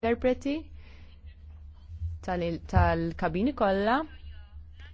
interpreti tal-kabini tal kollha